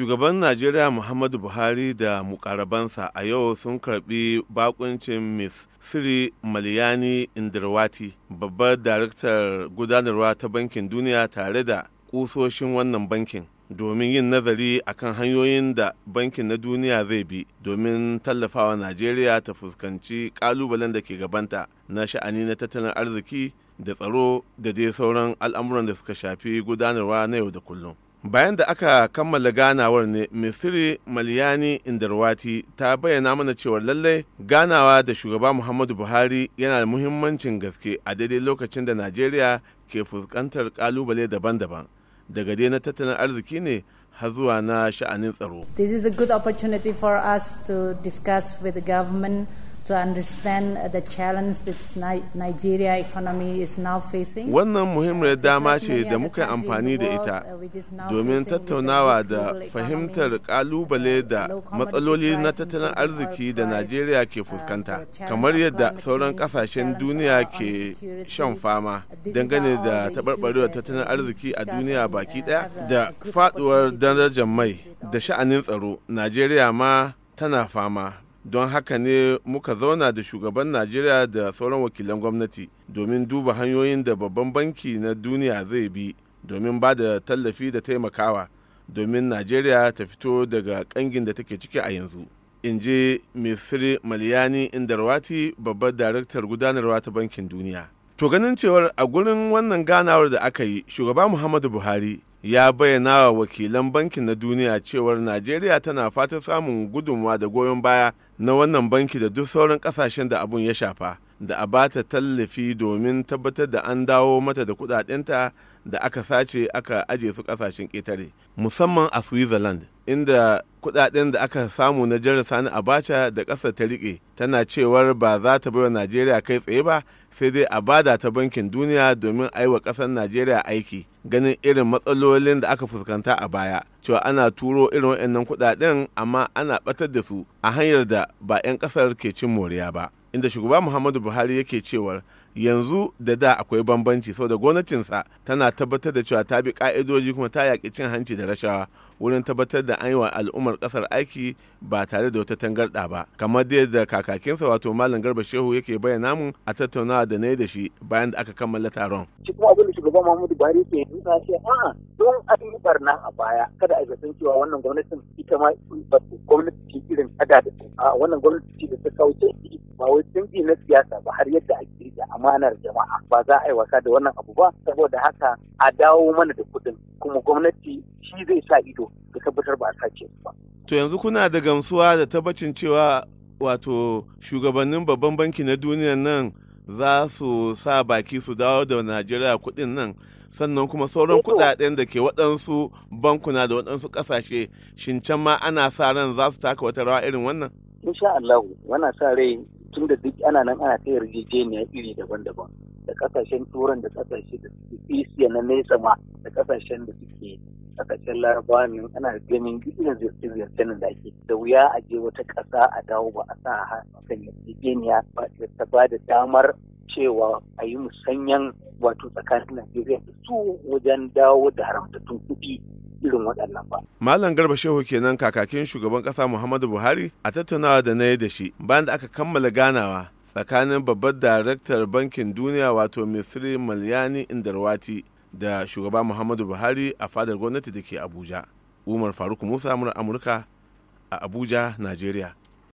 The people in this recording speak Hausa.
shugaban najeriya muhammadu buhari da mukarabansa a yau sun karbi bakuncin miss siri maliyani indirwati babbar daraktar gudanarwa ta bankin duniya tare da kusoshin wannan bankin domin yin nazari akan hanyoyin da bankin na duniya zai bi domin tallafawa najeriya ta fuskanci kalubalen da ke gabanta na sha'ani na tattalin arziki da tsaro da dai sauran al'amuran da suka shafi gudanarwa na yau da kullum bayan da aka kammala ganawar ne misiri maliyani indarwati ta bayyana mana cewar lallai ganawa da shugaba muhammadu buhari yana da muhimmancin gaske a daidai lokacin da najeriya ke fuskantar kalubale daban-daban daga dai na tattalin arziki ne har zuwa na sha'anin tsaro this good opportunity for us to discuss with the to understand uh, the challenge that Nigeria economy is now facing. Wannan muhimmiyar dama ce da muka amfani da ita uh, domin tattaunawa da fahimtar kalubale da matsaloli na tattalin arziki da Najeriya ke uh, fuskanta, kamar yadda sauran kasashen duniya ke shan fama dangane da taɓarɓarewar tattalin arziki a duniya baki ɗaya da faɗuwar darajar mai da sha'anin tsaro, Najeriya ma tana fama. don haka ne muka zauna da shugaban najeriya da sauran wakilan gwamnati domin duba hanyoyin da babban banki na duniya zai bi domin ba da tallafi da taimakawa domin najeriya ta fito daga kangin da take ciki a yanzu in je misri maliyani indarwati babbar daraktar gudanarwa ta bankin duniya to ganin cewar a gurin wannan ganawar da aka yi shugaba muhammadu buhari ya bayyana wa wakilan bankin na duniya cewar najeriya tana fatan samun gudunmawa da goyon baya na wannan banki da duk sauran kasashen da abun ya shafa da a ba ta tallafi domin tabbatar da an dawo mata da kudadenta da aka sace aka aje su kasashen ƙetare musamman a switzerland inda kudaden da aka samu na jirar sani abacha da ƙasa ta riƙe tana cewar ba za ta bai wa najeriya kai tsaye ba sai dai a bada ta bankin duniya domin aiwa ƙasar najeriya aiki ganin irin matsalolin da aka fuskanta a baya cewa ana turo irin waɗannan kudaden amma ana ɓatar da su a hanyar da ba 'yan ƙasar ke cin moriya ba inda shugaba muhammadu buhari yake cewar yanzu da da akwai bambanci saboda gwamnatinsa tana tabbatar da cewa ta bi ka'idoji kuma ta yaƙi cin hanci da rashawa wurin tabbatar da an yi wa al'ummar ƙasar aiki ba tare da wata tangarɗa ba kamar da yadda kakakinsa wato malam garba shehu yake bayyana mu a tattaunawa da na yi da shi bayan da aka kammala taron. shugaban Muhammadu Buhari ke nuna shi a'a don an yi barna a baya kada a zaton cewa wannan gwamnatin ita ma gwamnati ce irin kada da a wannan gwamnati ce da ta kauce ba wai canji na siyasa ba har yadda ake da amanar jama'a ba za a yi wasa da wannan abu ba saboda haka a dawo mana da kuɗin kuma gwamnati shi zai sa ido da tabbatar ba a sace su ba. To yanzu kuna da gamsuwa da tabbacin cewa wato shugabannin babban banki na duniya nan za su sa baki su dawo da najeriya kuɗin nan sannan kuma sauran kuɗaɗen da ke waɗansu bankuna da waɗansu ƙasashe shin can ma ana sa ran za su taka wata rawa irin wannan insha Allah wana sa rai tun da duk ana nan ana ta yarjejeniya iri daban-daban da kasashen turan da kasashe da suke asiya na nesa ma da kasashen da suke kasashen larabawa ne ana ganin irin ziyarce nan da ake da wuya a je wata kasa a dawo ba a sa a kan yarjejeniya ba ta ba da damar cewa a yi musanyan wato tsakanin najeriya da su wajen dawo da haramtattun kuɗi irin waɗannan ba. Malam Garba Shehu kenan kakakin shugaban ƙasa Muhammadu Buhari a tattaunawa da na yi da shi bayan da aka kammala ganawa tsakanin babbar daraktar bankin duniya wato misri malyani indarwati da shugaba muhammadu buhari a fadar gwamnati da ke abuja umar faruk musa amurka a abuja nigeria